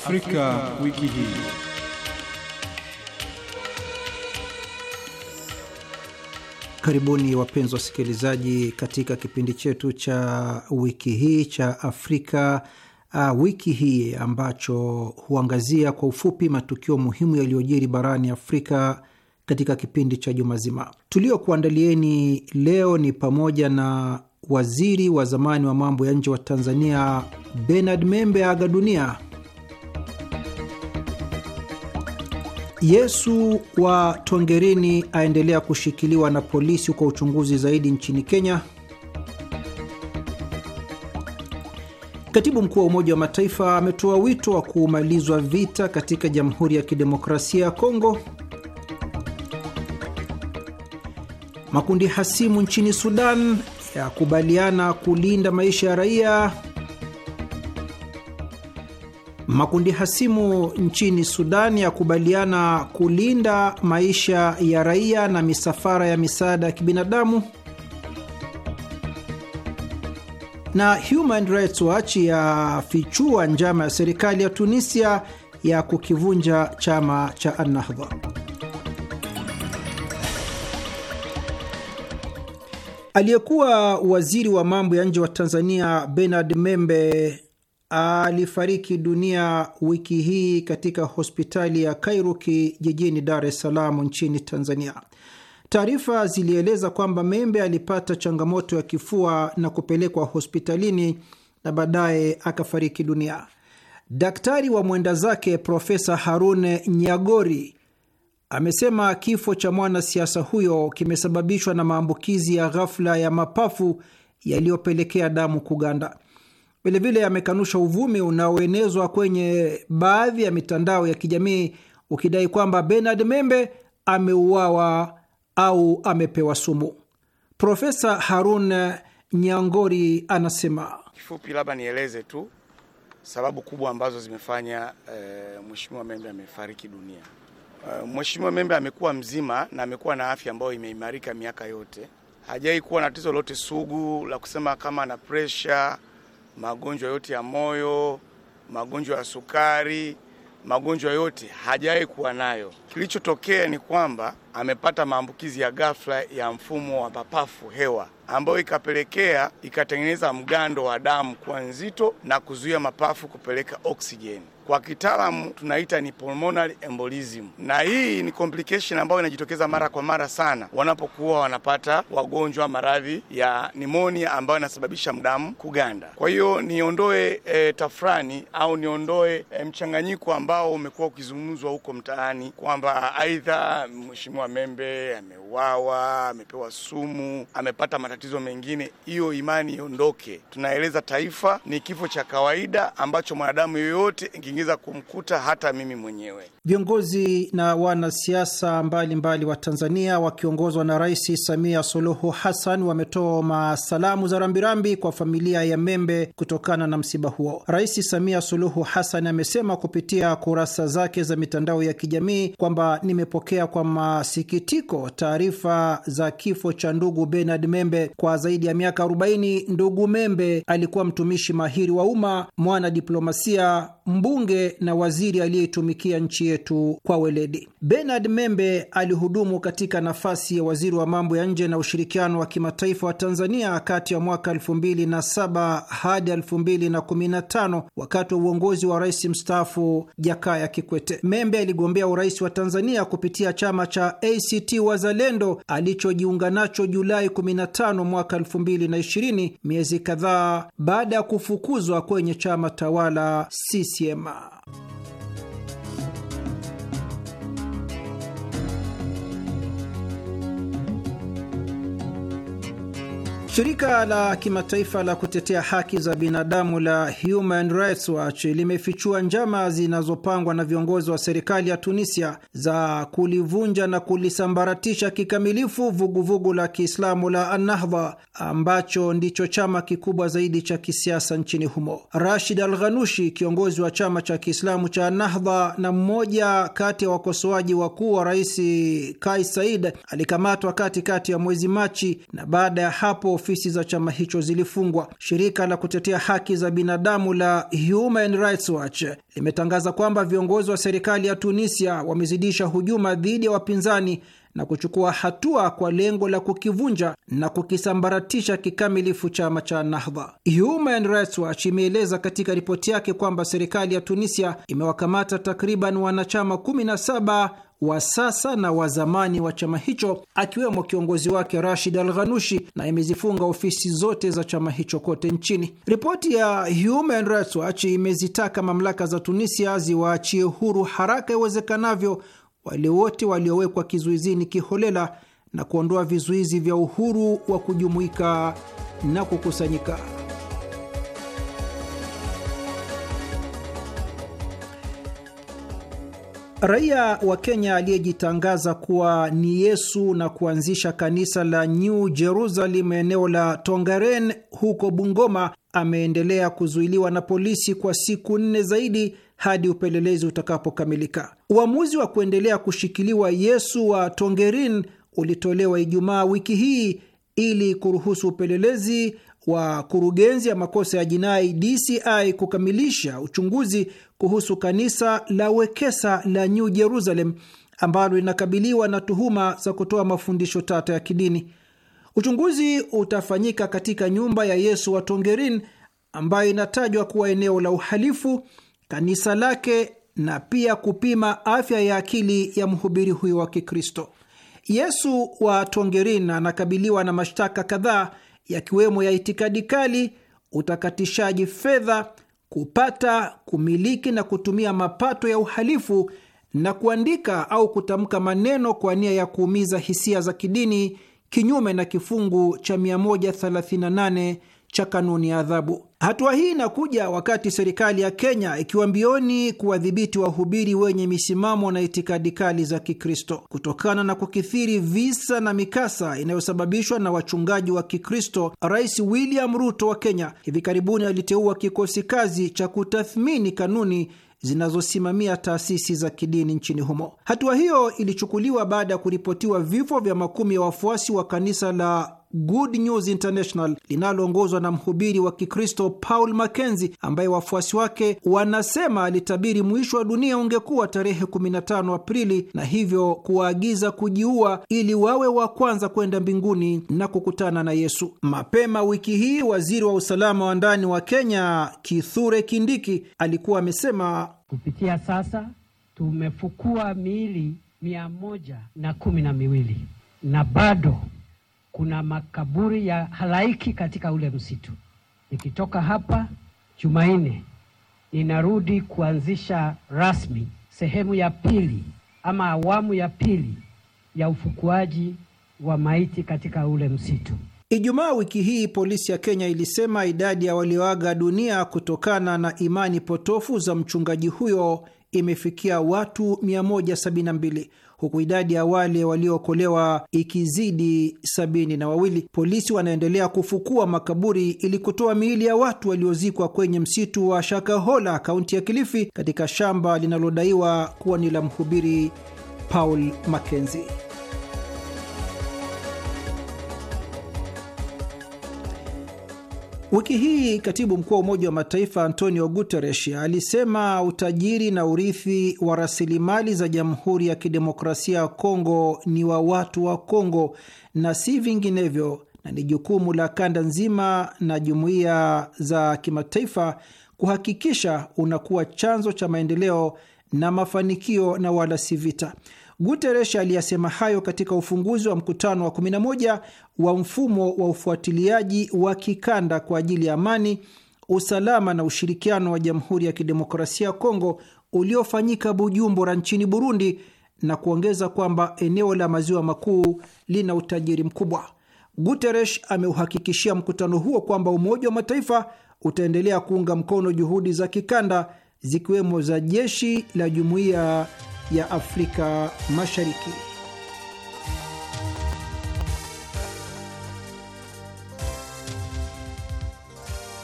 [SPEAKER 1] Afrika wiki hii. Karibuni wapenzi wasikilizaji, katika kipindi chetu cha wiki hii cha Afrika uh, wiki hii ambacho huangazia kwa ufupi matukio muhimu yaliyojiri barani Afrika katika kipindi cha juma zima. Tuliokuandalieni leo ni pamoja na waziri wa zamani wa mambo ya nje wa Tanzania Bernard Membe aga dunia Yesu wa Tongerini aendelea kushikiliwa na polisi kwa uchunguzi zaidi nchini Kenya. Katibu mkuu wa Umoja wa Mataifa ametoa wito wa kumalizwa vita katika Jamhuri ya Kidemokrasia ya Kongo. Makundi hasimu nchini Sudan yakubaliana kulinda maisha ya raia Makundi hasimu nchini Sudan yakubaliana kulinda maisha ya raia na misafara ya misaada ya kibinadamu, na Human Rights Watch yafichua njama ya serikali ya Tunisia ya kukivunja chama cha Annahdha. Aliyekuwa waziri wa mambo ya nje wa Tanzania Bernard Membe alifariki dunia wiki hii katika hospitali ya Kairuki jijini Dar es Salaam nchini Tanzania. Taarifa zilieleza kwamba Membe alipata changamoto ya kifua na kupelekwa hospitalini na baadaye akafariki dunia. Daktari wa mwenda zake Profesa Harun Nyagori amesema kifo cha mwanasiasa huyo kimesababishwa na maambukizi ya ghafla ya mapafu yaliyopelekea damu kuganda. Vilevile amekanusha uvumi unaoenezwa kwenye baadhi ya mitandao ya kijamii ukidai kwamba Bernard Membe ameuawa au amepewa sumu. Profesa Harun Nyangori anasema,
[SPEAKER 6] kifupi, labda nieleze tu sababu kubwa ambazo zimefanya e, mheshimiwa Membe amefariki dunia. E, mheshimiwa Membe amekuwa mzima na amekuwa na afya ambayo imeimarika miaka yote, hajawai kuwa na tatizo lolote sugu la kusema kama ana pressure magonjwa yote ya moyo, magonjwa ya sukari, magonjwa yote hajawahi kuwa nayo. Kilichotokea ni kwamba amepata maambukizi ya ghafla ya mfumo wa mapafu hewa, ambayo ikapelekea ikatengeneza mgando wa damu kuwa nzito na kuzuia mapafu kupeleka oksijeni kwa kitaalamu tunaita ni pulmonary embolism, na hii ni complication ambayo inajitokeza mara kwa mara sana wanapokuwa wanapata wagonjwa maradhi ya nimonia ambayo inasababisha mdamu kuganda. Kwa hiyo niondoe e, tafrani au niondoe e, mchanganyiko ambao umekuwa ukizungumzwa huko mtaani kwamba aidha Mheshimiwa Membe ameuawa, amepewa sumu, amepata matatizo mengine. Hiyo imani iondoke. Tunaeleza taifa ni kifo cha kawaida ambacho mwanadamu yoyote isingeweza kumkuta hata mimi mwenyewe.
[SPEAKER 1] Viongozi na wanasiasa mbalimbali wa Tanzania wakiongozwa na Rais Samia Suluhu Hassan wametoa masalamu za rambirambi kwa familia ya Membe kutokana na msiba huo. Rais Samia Suluhu Hassan amesema kupitia kurasa zake za mitandao ya kijamii kwamba nimepokea kwa masikitiko taarifa za kifo cha ndugu Bernard Membe. Kwa zaidi ya miaka 40 ndugu Membe alikuwa mtumishi mahiri wa umma, mwana diplomasia, mbunge na waziri aliyeitumikia nchi yetu kwa weledi. Bernard Membe alihudumu katika nafasi ya waziri wa mambo ya nje na ushirikiano wa kimataifa wa Tanzania kati ya mwaka 2007 hadi 2015 wakati wa uongozi wa rais mstaafu Jakaya Kikwete. Membe aligombea urais wa Tanzania kupitia chama cha ACT Wazalendo alichojiunga nacho Julai 15 mwaka 2020, miezi kadhaa baada ya kufukuzwa kwenye chama tawala CCM. Shirika la kimataifa la kutetea haki za binadamu la Human Rights Watch limefichua njama zinazopangwa na viongozi wa serikali ya Tunisia za kulivunja na kulisambaratisha kikamilifu vuguvugu vugu la Kiislamu la Annahdha ambacho ndicho chama kikubwa zaidi cha kisiasa nchini humo. Rashid Al Ghanushi, kiongozi wa chama cha Kiislamu cha Annahdha na mmoja kati ya wakosoaji wakuu wa Rais Kais said alikamatwa katikati ya mwezi Machi na baada ya hapo ofisi za chama hicho zilifungwa. Shirika la kutetea haki za binadamu la Human Rights Watch limetangaza kwamba viongozi wa serikali ya Tunisia wamezidisha hujuma dhidi ya wapinzani na kuchukua hatua kwa lengo la kukivunja na kukisambaratisha kikamilifu chama cha Nahdha. Human Rights Watch imeeleza katika ripoti yake kwamba serikali ya Tunisia imewakamata takriban wanachama 17 wa sasa na wa zamani wa chama hicho akiwemo kiongozi wake Rashid Al-Ghanushi na imezifunga ofisi zote za chama hicho kote nchini. Ripoti ya Human Rights Watch imezitaka mamlaka za Tunisia ziwaachie huru haraka iwezekanavyo wale wote waliowekwa kizuizini kiholela na kuondoa vizuizi vya uhuru wa kujumuika na kukusanyika. Raia wa Kenya aliyejitangaza kuwa ni Yesu na kuanzisha kanisa la New Jerusalem eneo la Tongaren huko Bungoma ameendelea kuzuiliwa na polisi kwa siku nne zaidi hadi upelelezi utakapokamilika. Uamuzi wa kuendelea kushikiliwa Yesu wa Tongerin ulitolewa Ijumaa wiki hii ili kuruhusu upelelezi wa kurugenzi ya makosa ya jinai DCI kukamilisha uchunguzi kuhusu kanisa la Wekesa la New Jerusalem ambalo linakabiliwa na tuhuma za kutoa mafundisho tata ya kidini. Uchunguzi utafanyika katika nyumba ya Yesu wa Tongerin ambayo inatajwa kuwa eneo la uhalifu, kanisa lake na pia kupima afya ya akili ya mhubiri huyo wa Kikristo. Yesu wa Tongerin anakabiliwa na mashtaka kadhaa yakiwemo ya itikadi kali, utakatishaji fedha, kupata, kumiliki na kutumia mapato ya uhalifu na kuandika au kutamka maneno kwa nia ya kuumiza hisia za kidini, kinyume na kifungu cha 138 cha kanuni ya adhabu. Hatua hii inakuja wakati serikali ya Kenya ikiwa mbioni kuwadhibiti wahubiri wenye misimamo na itikadi kali za Kikristo kutokana na kukithiri visa na mikasa inayosababishwa na wachungaji wa Kikristo. Rais William Ruto wa Kenya hivi karibuni aliteua kikosi kazi cha kutathmini kanuni zinazosimamia taasisi za kidini nchini humo. Hatua hiyo ilichukuliwa baada ya kuripotiwa vifo vya makumi ya wafuasi wa kanisa la Good News International linaloongozwa na mhubiri wa Kikristo Paul Mackenzie, ambaye wafuasi wake wanasema alitabiri mwisho wa dunia ungekuwa tarehe 15 Aprili, na hivyo kuwaagiza kujiua ili wawe wa kwanza kwenda mbinguni na kukutana na Yesu. Mapema wiki hii, waziri wa usalama wa ndani wa Kenya Kithure Kindiki alikuwa amesema,
[SPEAKER 3] kupitia sasa tumefukua miili mia moja na kumi na miwili na bado kuna makaburi ya halaiki katika ule msitu. Nikitoka hapa Jumanne, ninarudi kuanzisha rasmi sehemu ya pili ama awamu ya pili ya ufukuaji wa maiti katika ule msitu.
[SPEAKER 1] Ijumaa wiki hii polisi ya Kenya ilisema idadi ya walioaga dunia kutokana na imani potofu za mchungaji huyo imefikia watu 172 huku idadi ya wale waliookolewa ikizidi sabini na wawili. Polisi wanaendelea kufukua makaburi ili kutoa miili ya watu waliozikwa kwenye msitu wa Shakahola, kaunti ya Kilifi, katika shamba linalodaiwa kuwa ni la mhubiri Paul Mackenzie. Wiki hii katibu mkuu wa Umoja wa Mataifa Antonio Guterres alisema utajiri na urithi wa rasilimali za Jamhuri ya Kidemokrasia ya Kongo ni wa watu wa Kongo na si vinginevyo, na ni jukumu la kanda nzima na jumuiya za kimataifa kuhakikisha unakuwa chanzo cha maendeleo na mafanikio na wala si vita. Guteresh aliyasema hayo katika ufunguzi wa mkutano wa 11 wa mfumo wa ufuatiliaji wa kikanda kwa ajili ya amani, usalama na ushirikiano wa Jamhuri ya Kidemokrasia ya Kongo uliofanyika Bujumbura nchini Burundi, na kuongeza kwamba eneo la maziwa makuu lina utajiri mkubwa. Guteresh ameuhakikishia mkutano huo kwamba Umoja wa Mataifa utaendelea kuunga mkono juhudi za kikanda zikiwemo za jeshi la jumuiya ya Afrika Mashariki.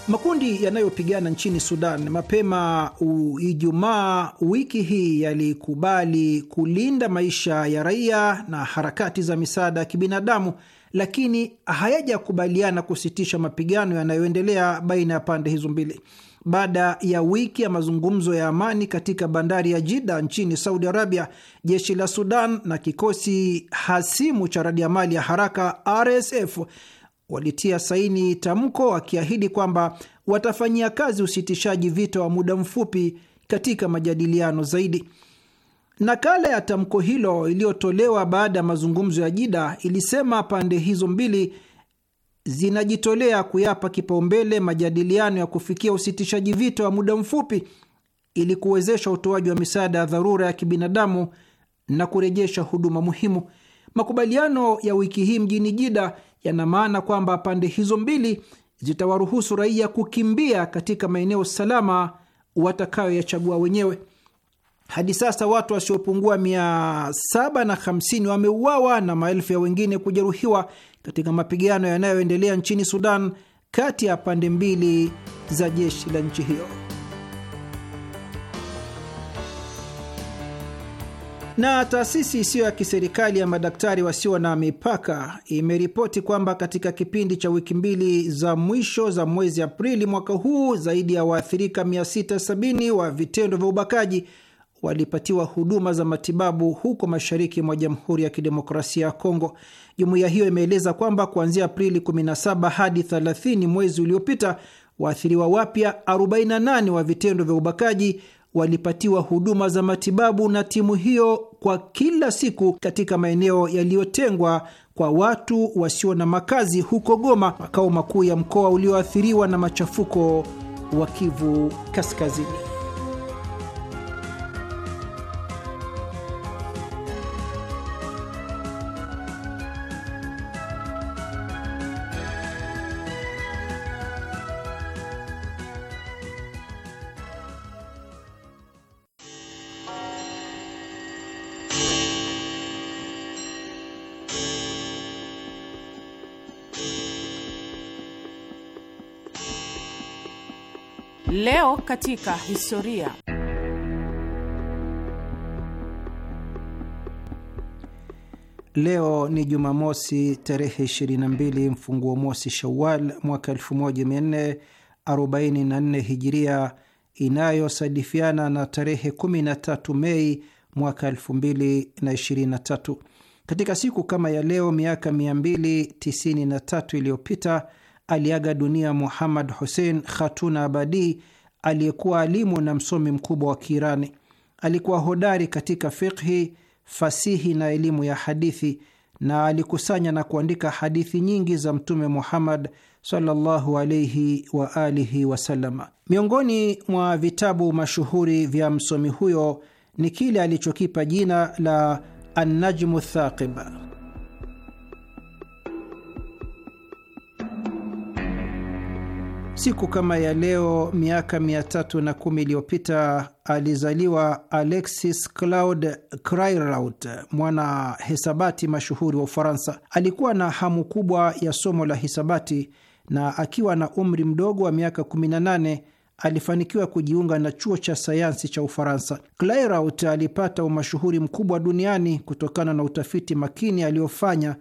[SPEAKER 1] Makundi yanayopigana nchini Sudan mapema Ijumaa wiki hii yalikubali kulinda maisha ya raia na harakati za misaada ya kibinadamu, lakini hayajakubaliana kusitisha mapigano yanayoendelea baina ya pande hizo mbili. Baada ya wiki ya mazungumzo ya amani katika bandari ya Jida nchini Saudi Arabia, jeshi la Sudan na kikosi hasimu cha radiamali ya haraka RSF walitia saini tamko wakiahidi kwamba watafanyia kazi usitishaji vita wa muda mfupi katika majadiliano zaidi. Nakala ya tamko hilo iliyotolewa baada ya mazungumzo ya Jida ilisema pande hizo mbili zinajitolea kuyapa kipaumbele majadiliano ya kufikia usitishaji vita wa muda mfupi ili kuwezesha utoaji wa misaada ya dharura ya kibinadamu na kurejesha huduma muhimu. Makubaliano ya wiki hii mjini Jida yana maana kwamba pande hizo mbili zitawaruhusu raia kukimbia katika maeneo salama watakayoyachagua wenyewe. Hadi sasa watu wasiopungua 750 wameuawa na maelfu ya wengine kujeruhiwa katika mapigano yanayoendelea nchini Sudan kati ya pande mbili za jeshi la nchi hiyo. Na taasisi isiyo ya kiserikali ya madaktari wasio na mipaka imeripoti kwamba katika kipindi cha wiki mbili za mwisho za mwezi Aprili mwaka huu, zaidi ya waathirika 670 wa vitendo vya ubakaji walipatiwa huduma za matibabu huko mashariki mwa Jamhuri ya Kidemokrasia ya Kongo. Jumuiya hiyo imeeleza kwamba kuanzia Aprili 17 hadi 30 mwezi uliopita, waathiriwa wapya 48 wa vitendo vya ubakaji walipatiwa huduma za matibabu na timu hiyo kwa kila siku katika maeneo yaliyotengwa kwa watu wasio na makazi huko Goma, makao makuu ya mkoa ulioathiriwa na machafuko wa Kivu Kaskazini.
[SPEAKER 3] Leo katika historia.
[SPEAKER 1] Leo ni Jumamosi tarehe 22 mfunguo mosi Shawal mwaka 1444 Hijiria, inayosadifiana na tarehe 13 Mei mwaka 2023. Katika siku kama ya leo miaka 293 iliyopita aliaga dunia Muhammad Hussein Khatuna Abadi, aliyekuwa alimu na msomi mkubwa wa Kiirani. Alikuwa hodari katika fikhi, fasihi na elimu ya hadithi, na alikusanya na kuandika hadithi nyingi za Mtume Muhammad sallallahu alaihi wa alihi Miongoni mwa vitabu mashuhuri vya msomi huyo ni kile alichokipa jina la Annajmu Thaqiba. Siku kama ya leo miaka kumi iliyopita alizaliwa Alexis Claude Clairaut, mwana hesabati mashuhuri wa Ufaransa. Alikuwa na hamu kubwa ya somo la hisabati na akiwa na umri mdogo wa miaka 18 alifanikiwa kujiunga na chuo cha sayansi cha Ufaransa. Clairaut alipata umashuhuri mkubwa duniani kutokana na utafiti makini aliyofanya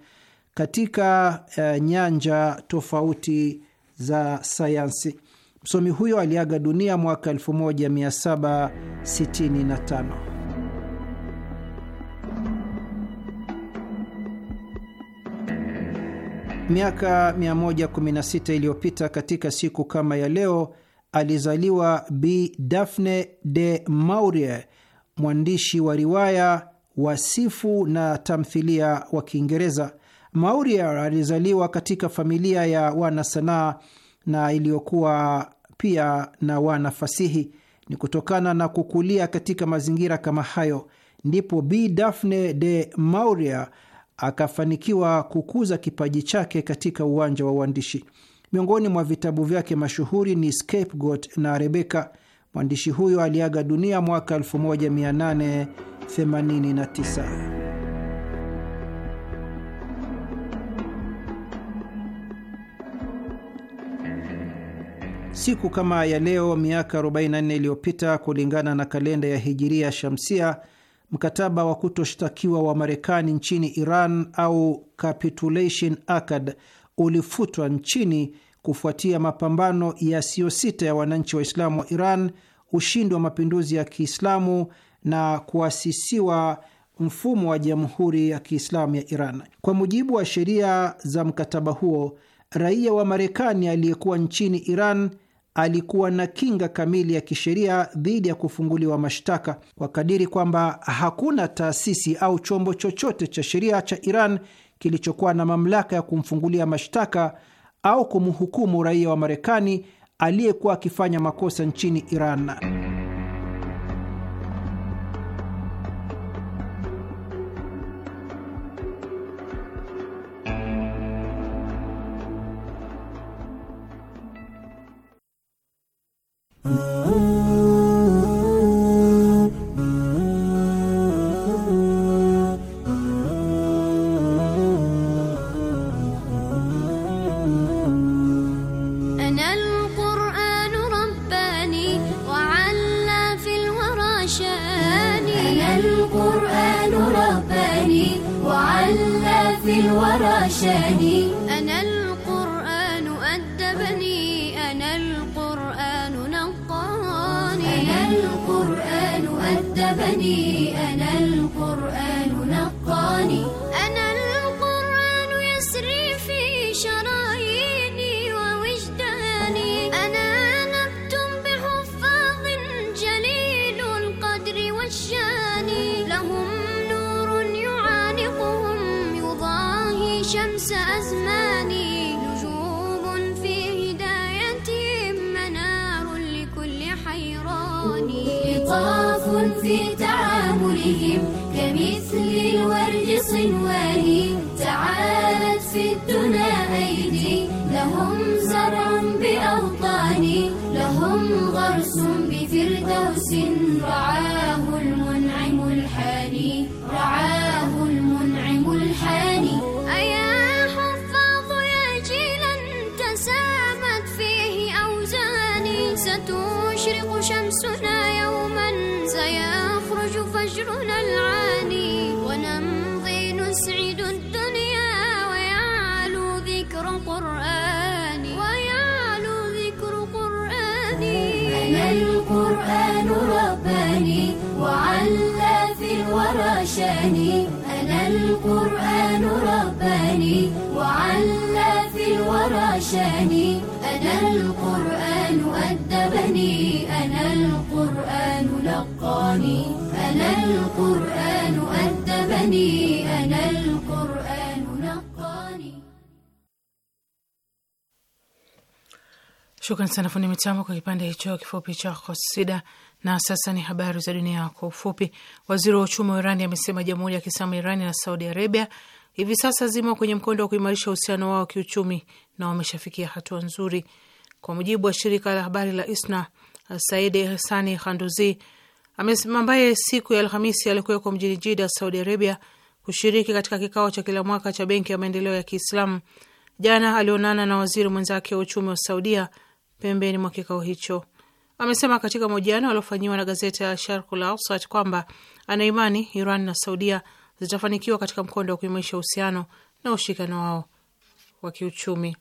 [SPEAKER 1] katika uh, nyanja tofauti za sayansi. Msomi huyo aliaga dunia mwaka 1765. Miaka 116 iliyopita katika siku kama ya leo alizaliwa Bi Daphne de Maurier, mwandishi wa riwaya, wasifu na tamthilia wa Kiingereza. Maurier alizaliwa katika familia ya wanasanaa na iliyokuwa pia na wanafasihi. Ni kutokana na kukulia katika mazingira kama hayo ndipo b Daphne de Maurier akafanikiwa kukuza kipaji chake katika uwanja wa uandishi. Miongoni mwa vitabu vyake mashuhuri ni Scapegoat na Rebecca. Mwandishi huyo aliaga dunia mwaka 1889. Siku kama ya leo miaka 44 iliyopita kulingana na kalenda ya hijiria shamsia, mkataba wa kutoshtakiwa wa Marekani nchini Iran au capitulation accord ulifutwa nchini kufuatia mapambano sita ya wananchi Waislamu wa Iran, ushindi wa mapinduzi ya Kiislamu na kuasisiwa mfumo wa Jamhuri ya Kiislamu ya Iran. Kwa mujibu wa sheria za mkataba huo raia wa Marekani aliyekuwa nchini Iran alikuwa na kinga kamili ya kisheria dhidi ya kufunguliwa mashtaka kwa kadiri kwamba hakuna taasisi au chombo chochote cha sheria cha Iran kilichokuwa na mamlaka ya kumfungulia mashtaka au kumhukumu raia wa Marekani aliyekuwa akifanya makosa nchini Iran.
[SPEAKER 7] في الورى شاني أنا القرآن أدبني أنا القرآن نقاني أنا القرآن أدبني أنا القرآن نقاني قوس رعاه المنعم الحاني
[SPEAKER 8] رعاه
[SPEAKER 7] المنعم الحاني أيا حفاظ يا جيلا تسامت فيه أوزاني ستشرق شمسنا يوما سيخرج فجرنا العالي ورشاني أنا القرآن رباني وعلى في الورشاني أنا القرآن أدبني أنا القرآن لقاني أنا القرآن أدبني أنا القرآن
[SPEAKER 3] Shukran sana fundi mitambo kwa kipande hicho kifupi cha kosida. Na sasa ni habari za dunia kwa ufupi. Waziri wa uchumi wa Irani amesema jamhuri ya Kiislamu Irani na Saudi Arabia hivi sasa zimo kwenye mkondo wa kuimarisha uhusiano wao kiuchumi na wameshafikia hatua nzuri. Kwa mujibu wa shirika la habari la ISNA, Said Hasani Khanduzi ambaye siku ya Alhamisi alikuwekwa mjini Jida, Saudi Arabia, kushiriki katika kikao cha kila mwaka cha Benki ya Maendeleo ya Kiislamu, jana alionana na waziri mwenzake wa uchumi wa Saudia pembeni mwa kikao hicho. Amesema katika mahojiano aliofanyiwa na gazeti ya Sharkul Awsat kwamba anaimani Iran na Saudia zitafanikiwa katika mkondo wa kuimarisha uhusiano na ushirikiano wao wa kiuchumi.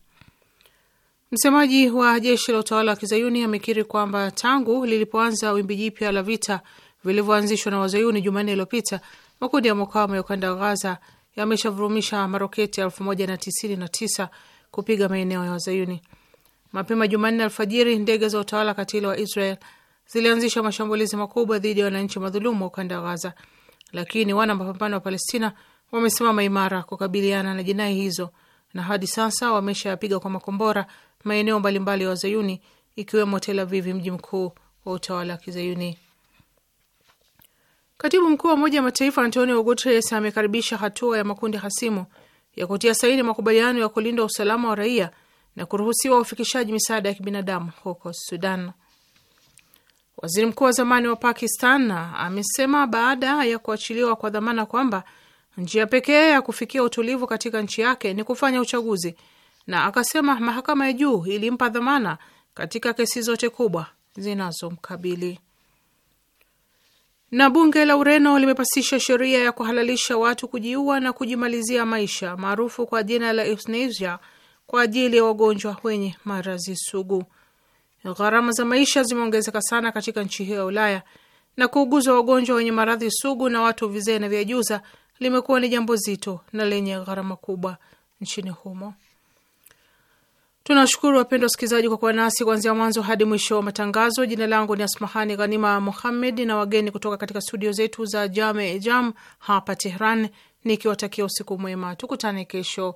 [SPEAKER 3] Msemaji wa jeshi la utawala wa kizayuni amekiri kwamba tangu lilipoanza wimbi jipya la vita vilivyoanzishwa na wazayuni Jumanne iliyopita makundi ya mukawama ya ukanda wa Ghaza yameshavurumisha maroketi elfu moja na tisini na tisa kupiga maeneo ya wazayuni. Mapema Jumanne alfajiri, ndege za utawala katili wa Israel zilianzisha mashambulizi makubwa dhidi ya wananchi madhulumu wa ukanda wa Gaza, lakini wana mapambano wa Palestina wamesimama imara kukabiliana na jinai hizo, na hadi sasa wameshayapiga kwa makombora maeneo mbalimbali ya Wazayuni, ikiwemo Tel Aviv, mji mkuu wa utawala wa Kizayuni. Katibu mkuu wa Umoja wa Mataifa Antonio Guterres amekaribisha hatua ya makundi hasimu ya kutia saini makubaliano ya kulinda usalama wa raia na kuruhusiwa ufikishaji misaada ya kibinadamu huko Sudan. Waziri mkuu wa zamani wa Pakistan amesema baada ya kuachiliwa kwa dhamana kwamba njia pekee ya kufikia utulivu katika nchi yake ni kufanya uchaguzi, na akasema mahakama ya juu ilimpa dhamana katika kesi zote kubwa zinazomkabili. Na bunge la Ureno limepasisha sheria ya kuhalalisha watu kujiua na kujimalizia maisha maarufu kwa jina la euthanasia kwa ajili ya wagonjwa wenye maradhi sugu. Gharama za maisha zimeongezeka sana katika nchi hiyo ya Ulaya na kuuguzwa wagonjwa wenye maradhi sugu na watu vizee na vyajuza limekuwa ni jambo zito na lenye gharama kubwa nchini humo. Tunawashukuru wapendwa wasikilizaji kwa kuwa nasi kuanzia mwanzo hadi mwisho wa matangazo. Jina langu ni Asmahani Ghanima Mohammed na wageni kutoka katika studio zetu za Jame Jam hapa Tehran, nikiwatakia usiku mwema. Tukutane kesho